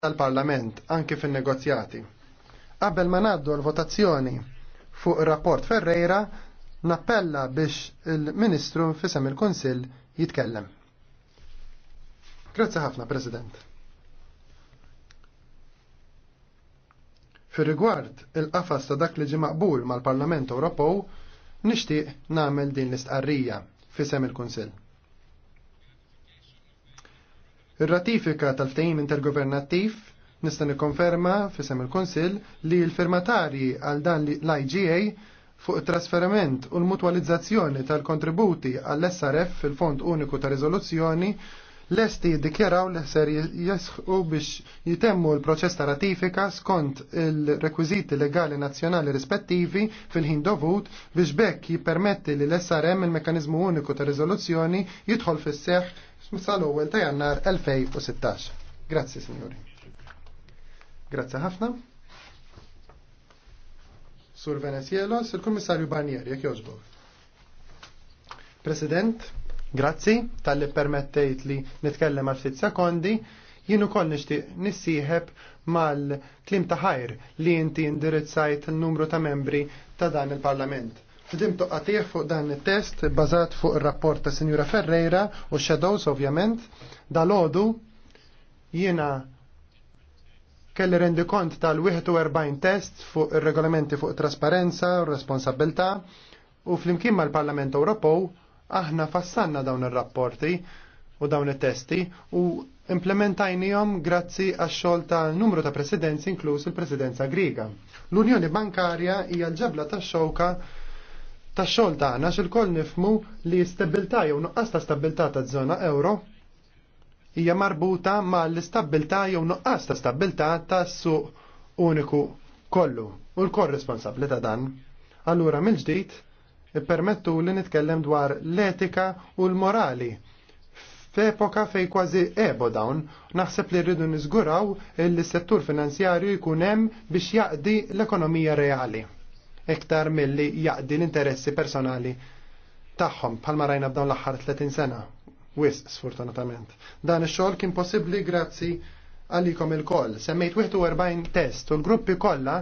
tal-Parlament anke fin-negozjati. Qabel ma ngħaddu l-votazzjoni fuq ir-rapport Ferreira, nappella biex il-Ministru fisem il-Kunsill jitkellem. Grazzi ħafna, President. Fir-rigward il-qafas ta' dak li ġi maqbul mal-Parlament Ewropew, nixtieq nagħmel din l-istqarrija fisem il-Kunsill. Ir-ratifika tal-ftehim intergovernattiv nista' nikkonferma fisem il-Kunsill li l-firmatari għal dan l-IGA fuq trasferiment u l-mutwalizzazzjoni tal-kontributi għall-SRF fil-Fond Uniku ta' Riżoluzzjoni lesti jiddikjaraw l ser jesħu biex jitemmu l-proċess ta' ratifika skont il-rekwiziti legali nazzjonali rispettivi fil-ħin dovut biex bekk jippermetti li l-SRM il-mekanizmu uniku ta' Rizoluzzjoni jidħol fis-seħ sal-ewwel ta' jannar 2016. Grazzi, Signori. Grazzi ħafna. Sur Venezielos, il-Kummissarju Barnier, jekk jogħġbok. President, grazzi tal-li permettejt li nitkellem għal ftit sekondi jienu koll nixtieq nissieħeb mal-klim ta' ħajr li inti indirizzajt il numru ta' membri ta' dan il-parlament. Ħdimtu qatih fuq dan it-test bazat fuq ir-rapport ta' Sinjura Ferreira u Shadows ovvjament. dal-ħodu jiena kelli rendi kont tal-41 test fuq ir-regolamenti fuq trasparenza u responsabilità u flimkien mal-Parlament Ewropew aħna fassanna dawn ir-rapporti u dawn it-testi u implementajnijom grazzi għax xogħol ta' numru ta' presidenzi inkluż il-presidenza Griega. L-Unjoni Bankarja hija l-ġabla tax-xewka tax xogħol tagħna x'ilkoll nifmu li stabilta' jew nuqqas ta' stabilta' taż-żona euro hija marbuta ma' l-istabilità jew nuqqas ta' stabilta tas-suq uniku kollu u l-korresponsabli ta' dan. Allura mill-ġdid permettu li nitkellem dwar l-etika u l-morali. F'epoka fej kważi ebo dawn, naħseb li rridu niżguraw il-settur finanzjarju jkun hemm biex jaqdi l-ekonomija reali iktar milli jaqdi l-interessi personali tagħhom bħalma rajna b'dawn l-aħħar 30 sena. Wisq sfortunatament. Dan ix-xogħol kien possibbli grazzi għalikom il-koll. Semmejt 41 test u l-gruppi kollha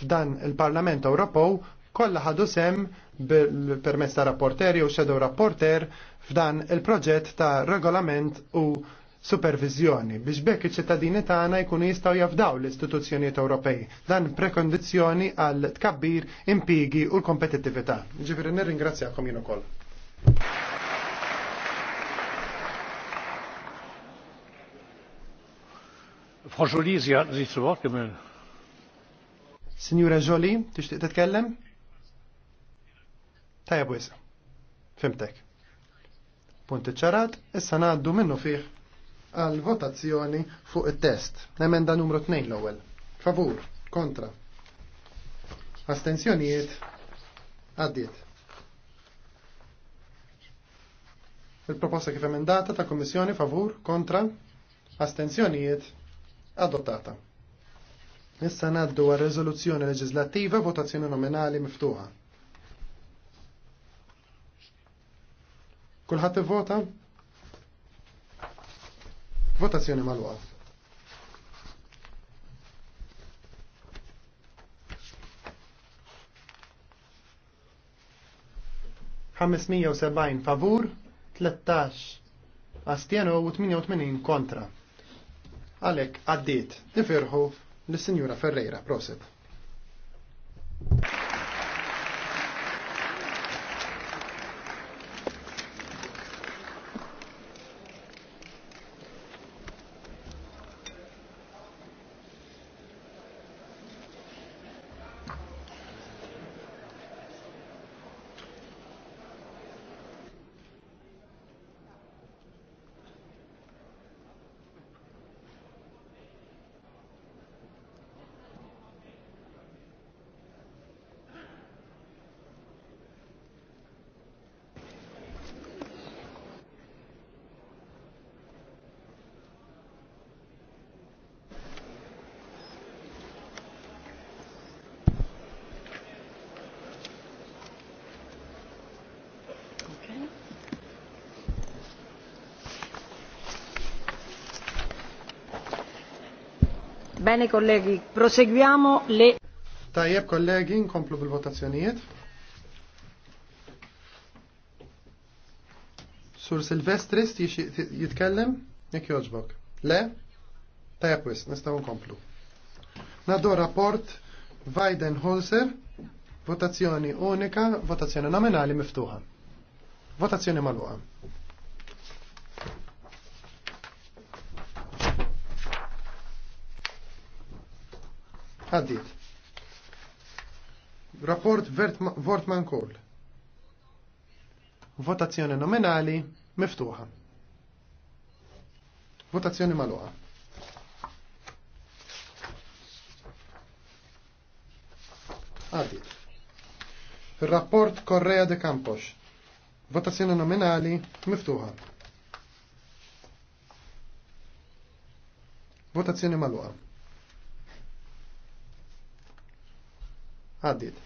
f'dan il-Parlament Ewropew kollha ħadu sem permezz ta' rapporteri u shadow rapporter f'dan il-proġett ta' regolament u supervizjoni biex bekk iċ-ċittadini tagħna jkunu jistgħu jafdaw l-istituzzjonijiet Ewropej. Dan prekondizzjoni għal tkabbir, impigi u l-kompetittività. Ġifieri nirringrazzjakom jien ukoll. Frau Jolie, Sie hatten sich zu Signora Jolie, tixtieq titkellem? Tajja bwisa. Fimtek. Punt iċċarat, issa ngħaddu minnu fih għal votazzjoni fuq it-test. emenda numru 2 l-ewwel. Favur, kontra. Astenzjonijiet għaddiet. Il-proposta kif emendata ta' Kommissjoni favur, kontra, astenzjonijiet adottata. Issa naddu għal rezoluzzjoni leġislattiva votazzjoni nominali miftuħa. Kulħadd ivvota? Votazzjoni mal-waf. favur, 13 astjenu u 88 kontra. Għalek, għaddit, nifirħu l-Sinjura Ferreira, proset. Bene kollegi, proseguiamo le... Tajjeb kollegi, nkomplu bil-votazzjonijiet. Sur Silvestris jitkellem, jek joġbok. Le? Tajjeb wis, nistaw nkomplu. Nadu rapport Weidenholzer, votazzjoni unika, votazzjoni nominali miftuħa. Votazzjoni maluqa. Għaddit. Rapport Vortman Kohl. Votazzjoni nominali miftuħa. Votazzjoni maluqa. Għaddit. Rapport Correa de Campos. Votazzjoni nominali miftuħa. Votazzjoni maluqa. Għaddit.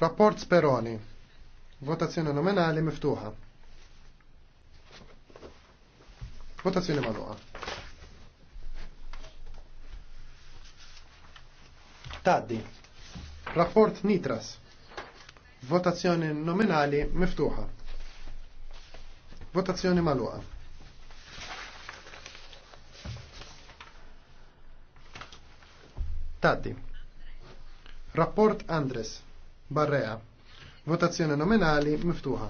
Rapport Speroni. Votazzjoni nominali miftuħa. Votazzjoni magħluqa. Taddi. Rapport Nitras. Votazzjoni nominali miftuħa. Votazzjoni maluqa. Taddi. Rapport Andres. Barrea. Votazzjoni nominali miftuħa.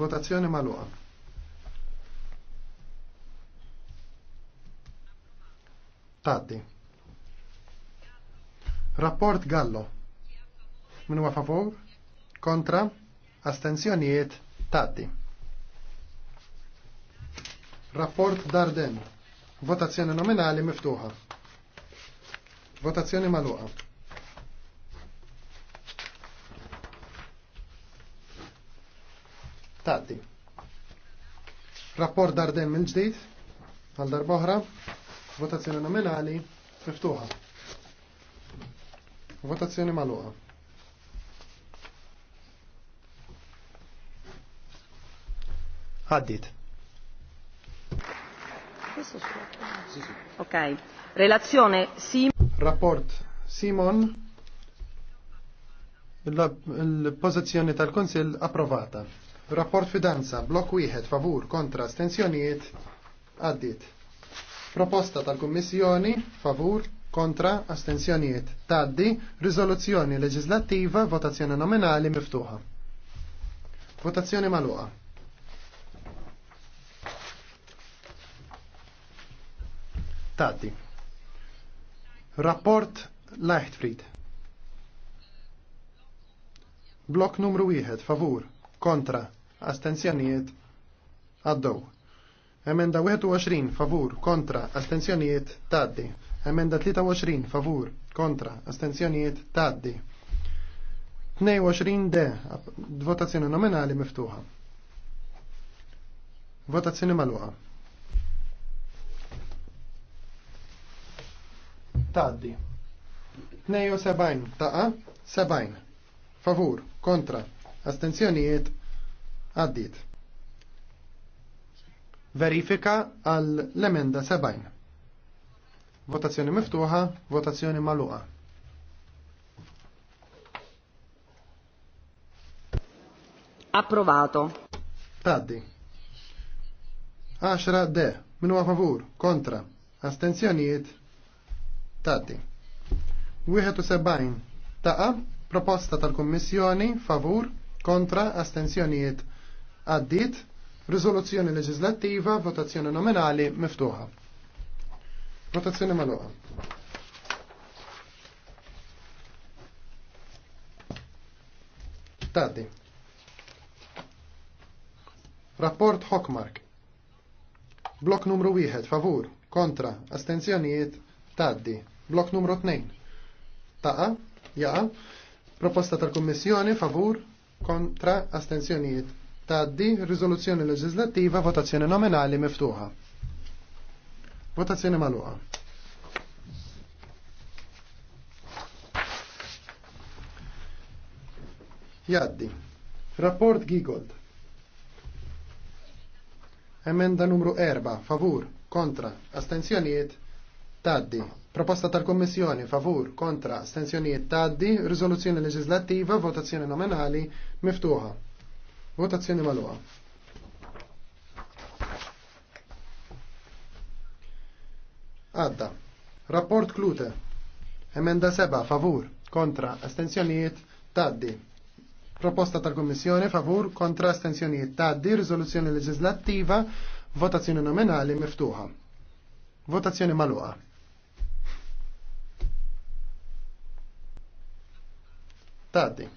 Votazzjoni maluqa. Taddi. Rapport Gallo. Minu huwa favur? Kontra? Astenzjonijiet? Taddi. Rapport Darden. Votazzjoni nominali miftuħa. Votazione maluqa. Taddi. Rapport darden mill ġdid għal darboħra, Votazione nominali, miftuħa. Votazione maluqa. Għaddit. Ok, relazione sim. Rapport Simon il-pozizjoni tal-Konsil approvata. Rapport fidanza, blok wieħed favur kontra astensjonijiet għaddit. Proposta tal-Kummissjoni favur kontra astensjonijiet taddi, riżoluzzjoni leġislattiva, votazzjoni nominali miftuħa. Votazzjoni maluqa. Taddi. Rapport Leichtfried. Blok numru 1, favur, kontra, astenzjonijiet, għaddow. Emenda 21, favur, kontra, astenzjonijiet, taddi. Emenda 23, favur, kontra, astenzjonijiet, taddi. 22 de, votazzjoni nominali miftuħa. Votazzjoni maluħa. taddi. 72 taqa, 70. Favur, kontra, astenzjonijiet, għaddit. Verifika għal l-emenda 70. Votazzjoni miftuħa, votazzjoni maluqa. Approvato. Taddi. 10 de, minu favur, kontra, astenzjonijiet, Taddi. 71 taqa proposta tal-Kommissjoni favur kontra astensjonijiet għaddit riżoluzzjoni leġislattiva votazzjoni nominali miftuħa. Votazzjoni magħluqa. Taddi. Rapport Hockmark. Blok numru 1 favur kontra astenzjonijiet taddi. Blok numru 2. Taqa, jaqa, proposta tal-Kommissjoni favur kontra astenzjonijiet. Taddi rizoluzzjoni leġislattiva votazzjoni nominali miftuħa. Votazzjoni maluqa. Jaddi. Rapport Gigold. Emenda numru 4. Favur. Kontra. Astenzjonijiet. Taddi. Proposta tal-Kommissjoni favur kontra stenzjonijiet taddi, rizoluzzjoni leġislattiva, votazzjoni nominali miftuħa. Votazzjoni maluħa. Għadda. Rapport Klute. Emenda seba' favur kontra astenzjonijiet taddi. Proposta tal-Kommissjoni favur kontra astensjonijiet taddi, Rizoluzzjoni leġislattiva, votazzjoni nominali miftuħa. Votazzjoni magħluqa. Taddi.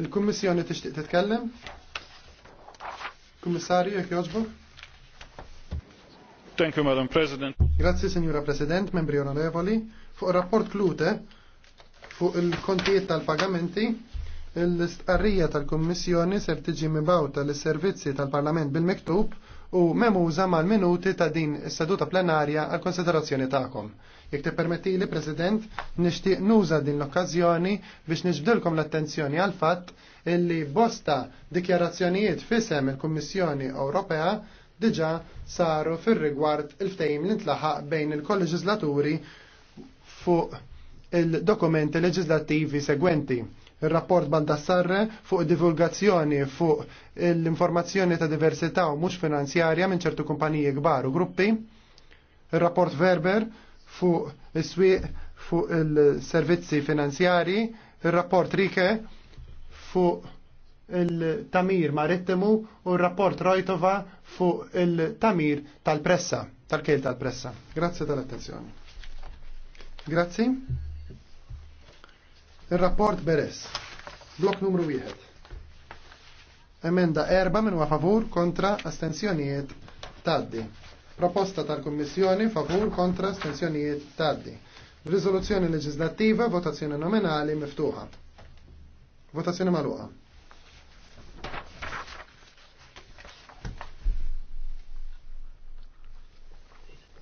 Il-Kummissjoni tixtieq titkellem? Kummissarju, jekk Thank you, Madam President. Grazie, Signora President, membri onorevoli. Fuq rapport Klute, fuq il-kontijiet tal-pagamenti, l-istqarrija tal kummissjoni ser tiġi mibawta l-servizzi tal-Parlament bil-miktub u memuża mal-minuti ta' din is-seduta plenarja għal konsiderazzjoni tagħkom. te tippermetti li President nixtieq nuża din l-okkażjoni biex niġbdilkom l-attenzjoni għal fatt illi bosta dikjarazzjonijiet fisem il-Kummissjoni Ewropea diġa saru fir-rigward il-ftejm li ntlaħaq bejn il-kolleġislaturi fuq il-dokumenti leġislattivi segwenti. Il-rapport Baldassarre fuq divulgazzjoni fuq l-informazzjoni ta' diversità u mhux finanzjarja minn ċertu kumpaniji kbar u gruppi. Il-rapport Verber fuq il-swiq fuq il-servizzi finanzjari. Il-rapport Rike fuq il-tamir marittimu u r-rapport Rojtova fuq il-tamir tal-pressa, tal-kejl tal-pressa. Grazie tal-attenzjoni. Grazie. Il-rapport Beres. Blok numru 1. Emenda erba' minn huwa favur kontra astensjonijiet taddi. Proposta tal-Kummissjoni favur kontra astensjonijiet taddi. Riżoluzzjoni legislativa, votazzjoni nominali miftuħa. Votazzjoni maluħa.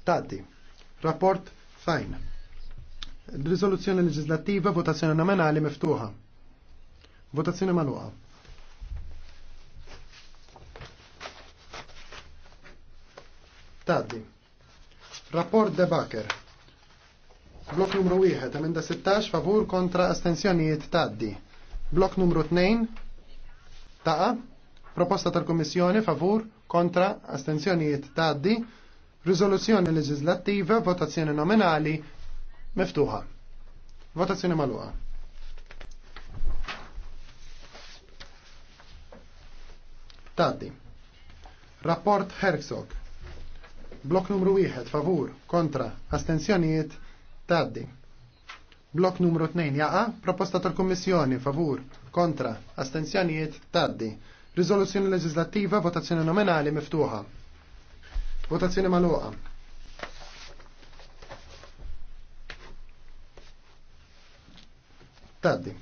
Taddi. Rapport fajn. Risoluzzjoni leġislattiva, votazzjoni nominali miftuħa. Votazzjoni maluqa. Taddi. Rapport de Baker. Blok numru 1, emenda 16, favur kontra astensjonijiet taddi. Blok numru 2, taqa. Proposta tal-Komissjoni, favur kontra astensjonijiet taddi. Risoluzzjoni leġislattiva, votazzjoni nominali Miftuħa. Votazzjoni magħluqa. Taddi. Rapport Herzog. Blok numru 1, favur, kontra, astenzjonijiet, taddi. Blok numru 2, jaqa, proposta tal-Kommissjoni, favur, kontra, astenzjonijiet, taddi. Rizoluzzjoni leġislattiva, votazzjoni nominali, miftuħa. Votazzjoni maluqa. Taddi.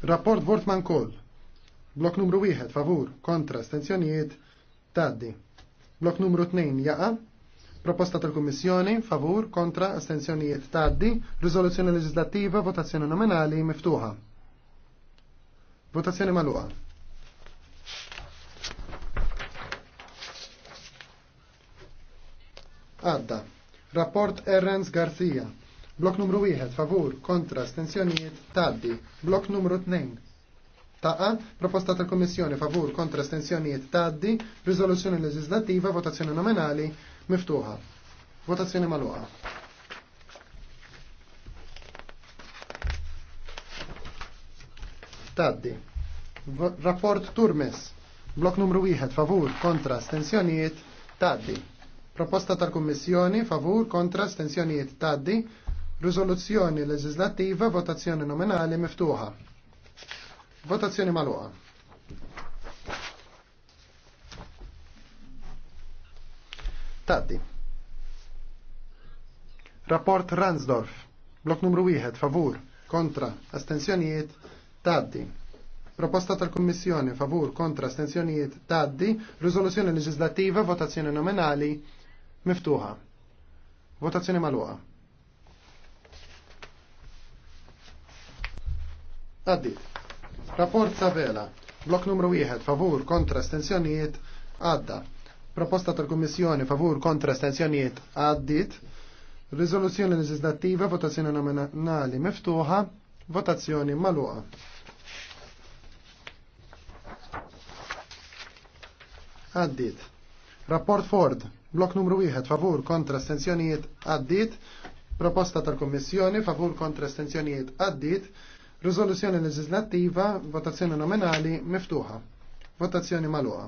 Rapport Vortman Kohl. Blok numru 1, favur, kontra, stenzjonijiet, taddi. Blok numru 2, jaqa. Proposta tal kommissjoni favur, kontra, astensjonijiet taddi. Rizoluzzjoni leġislattiva, votazzjoni nominali, miftuħa. Votazzjoni maluqa. Għadda. Rapport Errens Garcia. Blok numru 1, favur, kontra, stenzjonijiet, taddi. Blok numru 2, taqa, proposta tal-Komissjoni, favur, kontra, stenzjonijiet, taddi. Risoluzzjoni legislativa, votazzjoni nominali, miftuħa. Votazzjoni maluħa. Taddi. Rapport Turmes. Blok numru 1, favur, kontra, stenzjonijiet, taddi. Proposta tal komissjoni favur, kontra, stenzjonijiet, taddi. Rizoluzzjoni leġislattiva, votazzjoni nominali miftuħa. Votazzjoni maluqa. Taddi. Rapport Ransdorf. Blok numru 1, favur, kontra, astenzjonijiet taddi. Proposta tal-Kommissjoni, favur, kontra, astensjonijiet, taddi. Rizoluzzjoni leġislattiva, votazzjoni nominali, miftuħa. Votazzjoni maluqa. Għaddit. Rapport Savela. Blok numru 1. Favur kontra stenzjonijiet. Għadda. Proposta tal-Kommissjoni favur kontra stenzjonijiet. Għaddit. Rizoluzzjoni legislativa, votazzjoni nominali miftuħa, votazzjoni maluqa. Għaddit. Rapport Ford, blok numru 1, favur kontra stenzjonijiet għaddit. Proposta tal-Kommissjoni, favur kontra estensjonijiet għaddit. Rizoluzzjoni leġislattiva, votazzjoni nominali, miftuħa. Votazzjoni maluqa.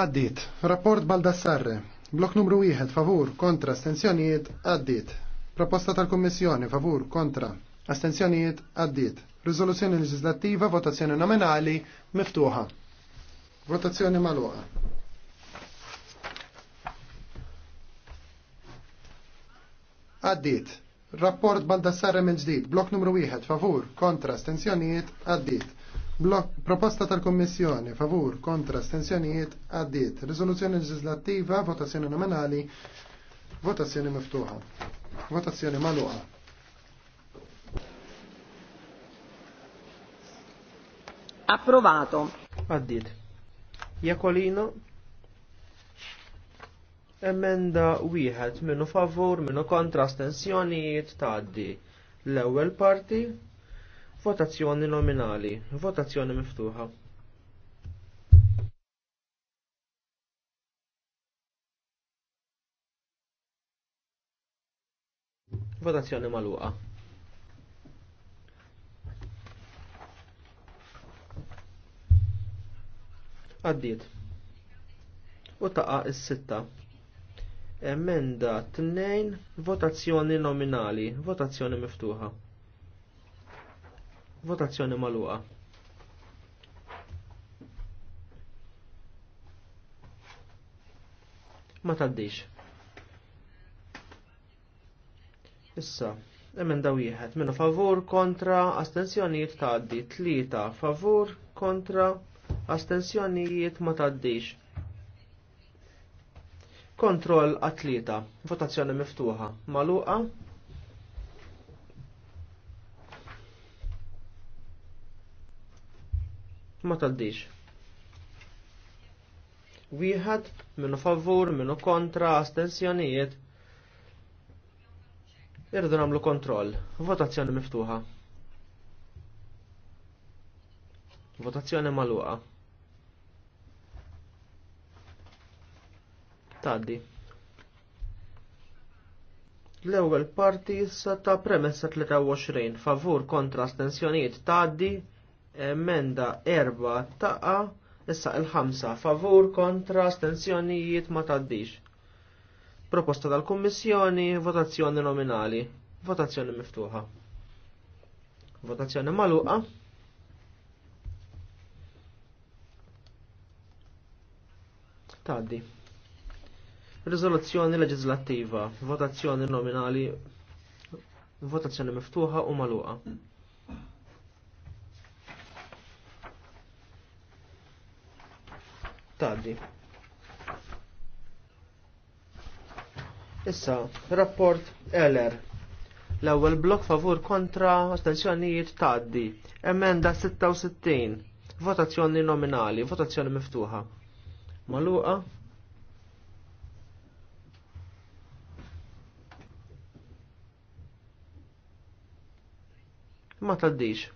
Għaddit. Rapport Baldassarre. Blok numru 1, favur, kontra, astenzjonijiet, għaddit. Proposta tal-Kommissjoni, favur, kontra, astenzjonijiet, għaddit. Rizoluzzjoni legislativa, votazzjoni nominali, miftuħa. Votazzjoni maluqa. Għaddit. Rapport Baldassarre minn ġdid. Blok numru 1. Favur. Kontra. stenzjoniet, Għaddit. Blok proposta tal-Kommissjoni. Favur. Kontra. stenzjoniet, Għaddit. Risoluzzjoni legislativa, Votazzjoni nominali. Votazzjoni miftuħa. Votazzjoni maluqa. Approvato. Addit. Jakolino Emenda wieħed minnu favur, minnu kontra astensjonijiet tgħaddi. L-ewwel parti votazzjoni nominali, votazzjoni miftuħa. Votazzjoni maluqa. Għaddiet. U taqa is-sitta. Emenda t-nejn votazzjoni nominali, votazzjoni miftuħa. Votazzjoni maluqa. Ma taddix. Issa, emenda wieħed minnu favur kontra astensjonijiet taddi, tlieta favur kontra astensjonijiet ma taddix. Kontroll atleta. tlieta Votazzjoni miftuħa. Maluqa. Ma taddix. Wieħed minnu favur, minnu kontra, astensjonijiet. Irridu nagħmlu kontroll. Votazzjoni miftuħa. Votazzjoni maluqa. Taddi. L-ewwel parti issa ta' premessa 23 favur kontra stensjonijiet taddi, emenda 4 taqa, issa il-5 favur kontra stensjonijiet ma taddix. Proposta tal-Kummissjoni, votazzjoni nominali, votazzjoni miftuħa. Votazzjoni maluqa. Taddi. Rizoluzzjoni leġislattiva, votazzjoni nominali, votazzjoni miftuħa u maluqa. Taddi. Issa, rapport LR. L-ewwel blok favur kontra astensjonijiet taddi. Emenda 66. Votazzjoni nominali, votazzjoni miftuħa. Maluqa. ma taddix.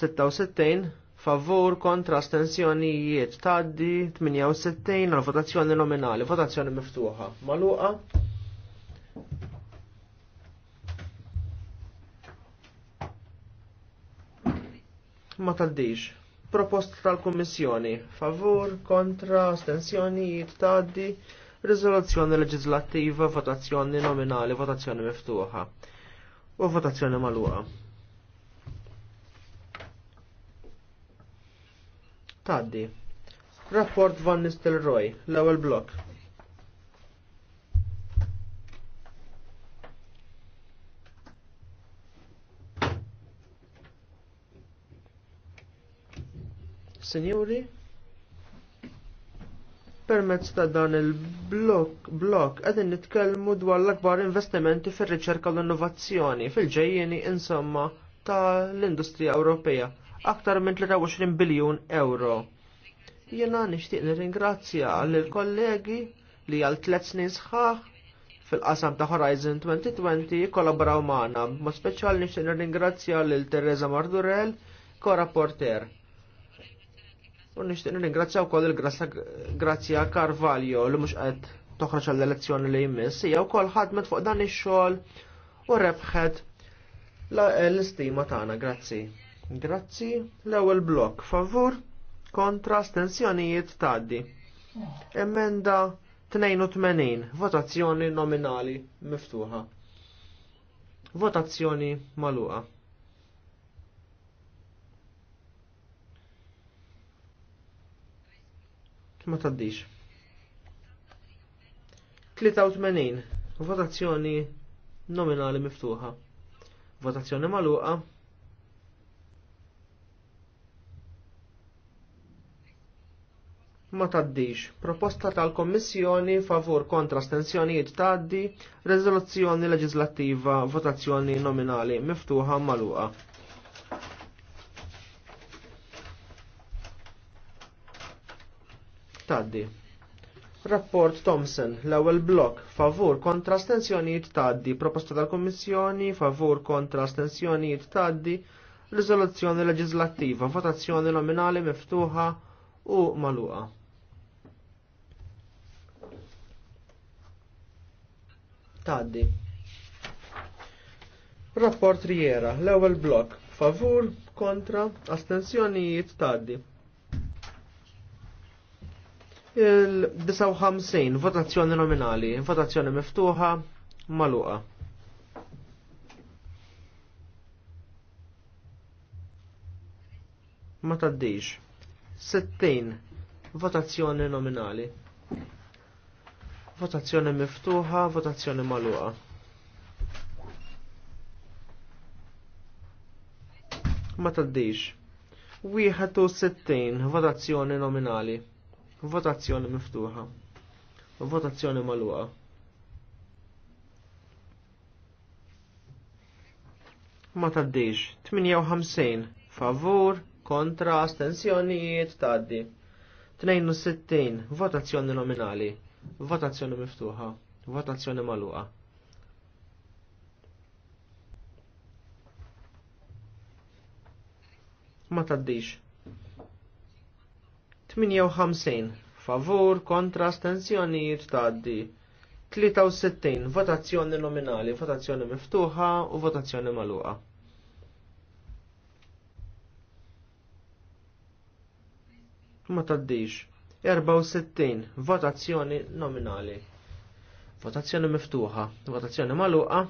66 favur kontra astensjonijiet taddi 68 għal votazzjoni nominali, votazzjoni miftuħa. Maluqa? Ma taddix. Propost tal-Kommissjoni, favur kontra astensjonijiet taddi, rizoluzzjoni leġislattiva, votazzjoni nominali, votazzjoni miftuħa u votazzjoni maluqa. Taddi. Rapport Van Nistelrooy, l-ewwel blok. Signori, Permezz ta' dan il-blok blok qegħdin nitkellmu dwar l-akbar investimenti fir-riċerka u l-innovazzjoni fil ġejjeni insomma tal industrija Ewropea aktar minn 23 biljun euro. Jena nixtieq nirringrazzja lill kollegi li għal tliet snin sħaħ fil-qasam ta' Horizon 2020 kollaboraw magħna. Ma' speċjal nixtieq nirringrazzja lil Teresa Mardurell, ko-rapporter. U nixtieq nirringrazzja wkoll il-Grazzja Carvalho li mhux qed toħroġ għall-elezzjoni li jmiss, hija wkoll ħadmet fuq dan ix-xogħol u rebħet l-istima tagħna, grazzi. Grazzi l-ewwel blok favur kontra stensjonijiet tgħaddi. Emenda 82 votazzjoni nominali miftuħa. Votazzjoni maluqa. ma taddix. 83 votazzjoni nominali miftuħa. Votazzjoni maluqa. Ma taddix. Proposta tal-Kommissjoni favur kontra stensjonijiet taddi, rezoluzzjoni leġislattiva, votazzjoni nominali miftuħa maluqa. taddi. Rapport Thomson, l-ewwel blok, favur kontra stenzjonijiet tgħaddi. proposta tal kummissjoni favur kontra stenzjonijiet tgħaddi. riżoluzzjoni leġislattiva, votazzjoni nominali miftuħa u maluqa. Tgħaddi. Rapport Riera, l-ewwel blok, favur kontra astenzjonijiet tgħaddi il-59 votazzjoni nominali, votazzjoni miftuħa, maluqa. Ma taddix. 60 votazzjoni nominali. Votazzjoni miftuħa, votazzjoni maluqa. Ma taddix. 61 votazzjoni nominali. Votazzjoni miftuħa. Votazzjoni maluqa. Ma taddix. 58 favur, kontra, astensjonijiet, taddi. 62 votazzjoni nominali. Votazzjoni miftuħa. Votazzjoni maluqa. Ma taddix. 58 favur kontra astensjonijiet tgħaddi. 63 votazzjoni nominali, votazzjoni miftuħa u votazzjoni magħluqa. Ma taddix. 64 votazzjoni nominali. Votazzjoni miftuħa, votazzjoni magħluqa.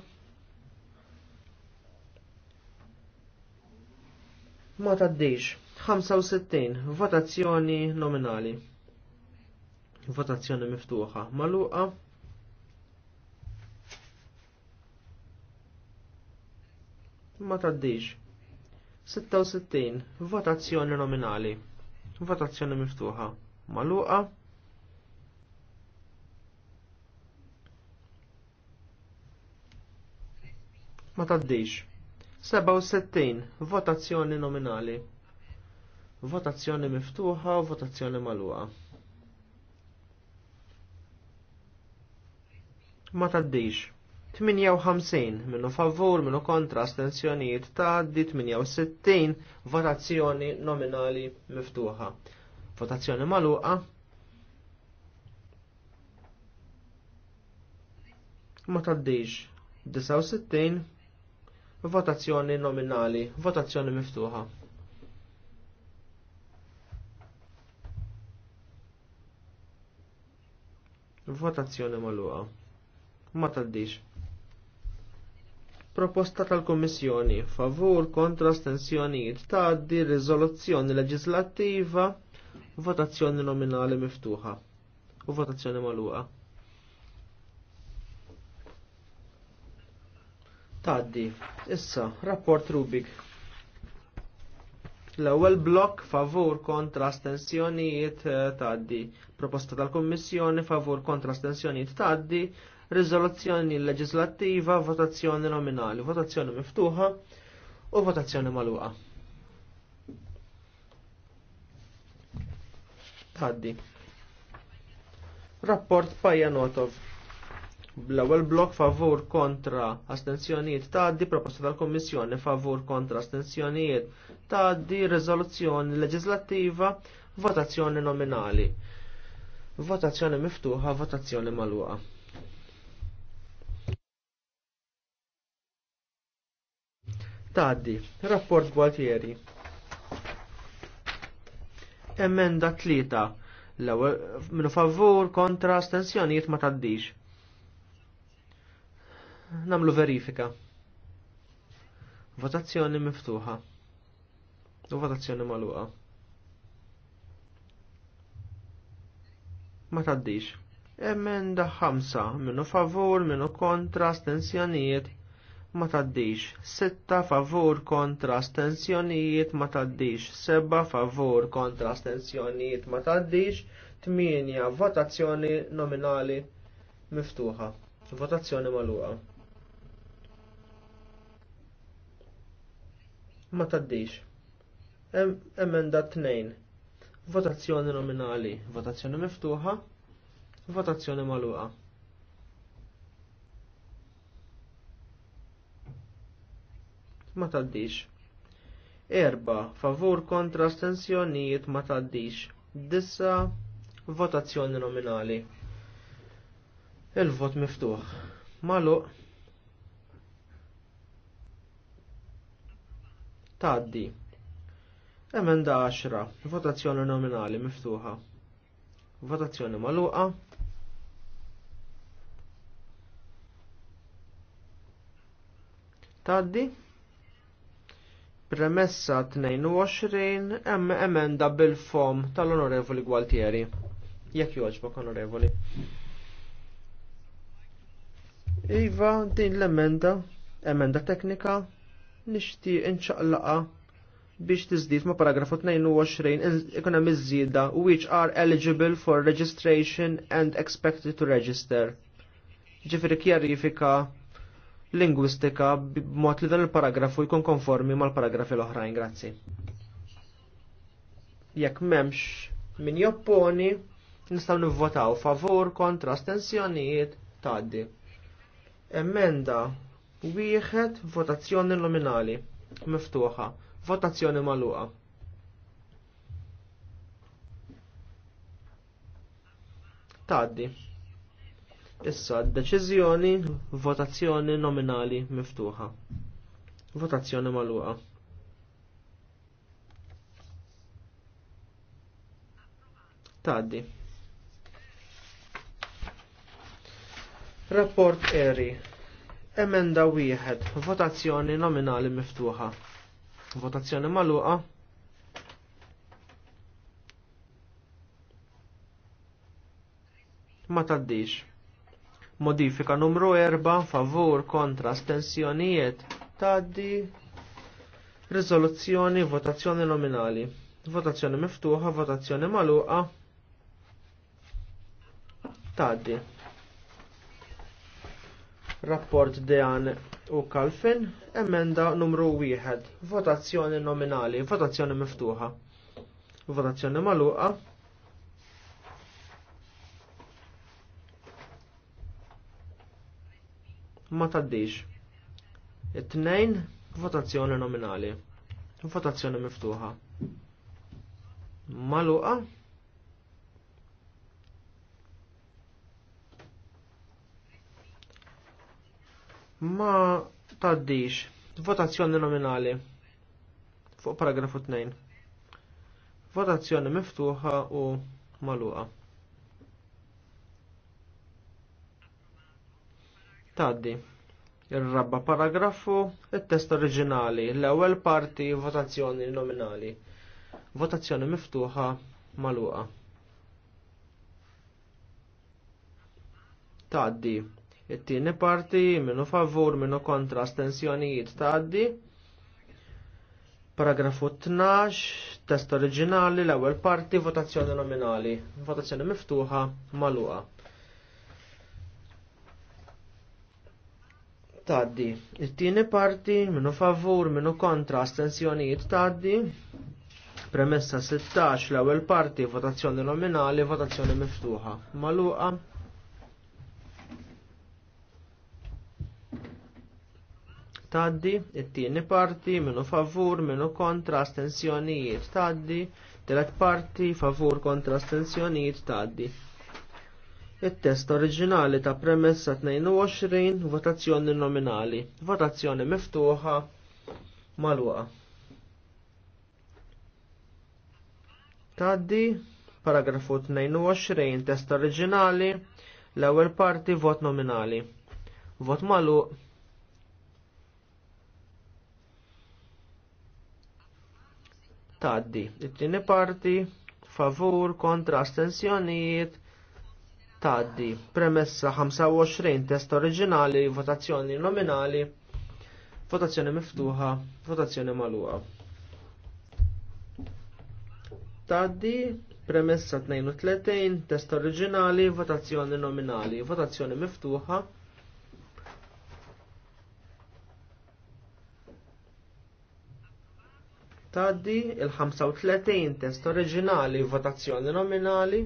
Ma taddix. 65. Votazzjoni nominali. Votazzjoni miftuħa. Maluqa. Ma taddix. 66. Votazzjoni nominali. Votazzjoni miftuħa. Maluqa. Ma taddix. 67. Votazzjoni nominali. Votazzjoni miftuħa u votazzjoni magħluqa. Ma taddix. 58 minnu favur, minnu kontra, astenzjonijiet taddi 68 votazzjoni nominali miftuħa. Votazzjoni magħluqa. ma taddix 69 votazzjoni nominali, votazzjoni miftuħa. Votazzjoni magħluqa. Ma taddix. Proposta tal-Kommissjoni favur kontra stensjonijiet tgħaddi riżoluzzjoni leġislattiva votazzjoni nominali miftuħa u votazzjoni magħluqa. Tgħaddi. Issa, rapport Rubik. L-ewwel blokk favur kontra astensjonijiet eh, tgħaddi. Proposta tal-Kummissjoni favur kontra astensjonijiet tgħaddi. Riżoluzzjoni leġislattiva, votazzjoni nominali, votazzjoni miftuħa u votazzjoni magħluqa. Tgħaddi. Rapport Pajanotov. L-ewwel blok favur kontra astenzjonijiet tgħaddi proposta tal-Kummissjoni favur kontra astenzjonijiet tgħaddi riżoluzzjoni leġislattiva votazzjoni nominali. Votazzjoni miftuħa, votazzjoni magħluqa. Taddi, rapport Gualtieri. Emenda tlieta. L-ewwel minu favur kontra astensjonijiet ma taddix namlu verifika. Votazzjoni miftuħa. U votazzjoni maluqa. Ma taddix. Emenda ħamsa, minu favur, minu kontra, stenzjonijiet, ma taddix. Sitta favur kontra stenzjonijiet ma taddix. Seba favur kontra stenzjonijiet ma taddix. Tminja votazzjoni nominali miftuħa. Votazzjoni maluqa. ma taddix. Emenda tnejn. Votazzjoni nominali, votazzjoni miftuħa, votazzjoni magħluqa. Ma taddix. Erba, favur kontra astensjonijiet ma taddix. Dissa, votazzjoni nominali. Il-vot miftuħ. Maluq. tgħaddi. Emenda 10, votazzjoni nominali miftuħa. Votazzjoni magħluqa. Tgħaddi. Premessa 22 hemm emenda bil-fom tal-Onorevoli Gualtieri. Jekk jogħġbok Onorevoli. Iva, din l-emenda, emenda teknika, nixtieq inċaqlaqa biex tiżdid ma' paragrafu 22 ikun hemm which are eligible for registration and expected to register. Ġifieri kjarifika lingwistika b'mod li dan il-paragrafu jkun konformi mal-paragrafi l-oħrajn, grazzi. Jekk m'hemmx min jopponi, nistgħu nivvotaw favur kontra astensjonijiet tgħaddi. Emenda Wieħed votazzjoni nominali miftuħa, votazzjoni magħluqa. Taddi. Issa deċiżjoni votazzjoni nominali miftuħa. Votazzjoni magħluqa. Taddi. Rapport Eri. Emenda wieħed, votazzjoni nominali miftuħa. Votazzjoni maluqa. Ma taddix. Modifika numru 4, favur kontra stensjonijiet, taddi. Rizoluzzjoni, votazzjoni nominali. Votazzjoni miftuħa, votazzjoni maluqa. Taddi. Rapport Dejan u Kalfin, emenda numru 1, votazzjoni nominali, votazzjoni miftuħa, votazzjoni maluqa. Ma taddix. It-tnejn, votazzjoni nominali, votazzjoni miftuħa. Maluqa. ma taddix. Votazzjoni nominali fuq paragrafu 2. Votazzjoni miftuħa u maluqa. Taddi. Ir-rabba paragrafu, it-test oriġinali, l-ewwel parti votazzjoni nominali. Votazzjoni miftuħa maluqa. Taddi it-tieni parti minnu favur minnu kontra ta' tgħaddi. Paragrafu 12, test oriġinali, l-ewwel parti, votazzjoni nominali, votazzjoni miftuħa, magħluqa. Taddi. It-tieni parti minnu favur minnu kontra astensjonijiet tgħaddi. Premessa 16, l-ewwel parti, votazzjoni nominali, votazzjoni miftuħa, magħluqa. taddi, it-tieni parti minnu favur minnu kontra astensjonijiet taddi, telet parti favur kontra astensjonijiet taddi. Il-test oriġinali ta' premessa 22 votazzjoni nominali, votazzjoni miftuħa malwa. Taddi, paragrafu 22, test oriġinali, l-ewwel parti vot nominali. Vot malu, taddi. It-tieni parti favur kontra astensjonijiet taddi. Premessa 25 test oriġinali, votazzjoni nominali, votazzjoni miftuħa, votazzjoni magħluqa. Taddi premessa 32 test oriġinali, votazzjoni nominali, votazzjoni miftuħa, Taddi il-35 test oriġinali votazzjoni nominali,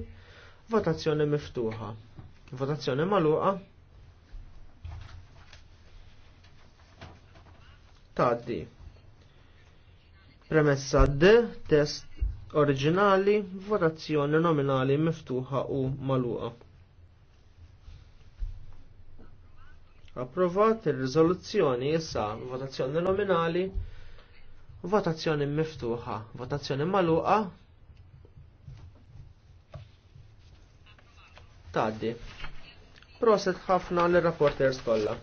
votazzjoni miftuħa. Votazzjoni magħluqa. Tgħaddi. Premessa D, test oriġinali, votazzjoni nominali miftuħa u magħluqa. Approvat il-rizoluzzjoni issa votazzjoni nominali Votazzjoni miftuħa, votazzjoni maluqa. Taddi. Proset ħafna l-rapporters kollha.